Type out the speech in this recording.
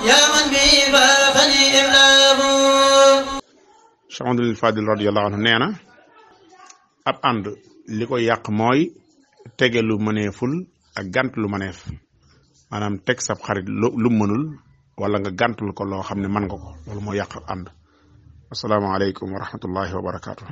يا من به فافني إملاب Cheikh Amadou Fadil radiyallahu anhu nee na ab ànd li ko yàq mooy tege lu mëneeful ak gànt lu mëneef maanaam teg sab xarit lu mënul wala nga gàntul ko loo xam ne mën nga ko loolu moo yàq ànd assalaamu aleykum wa rahmatullahi wa barakaatu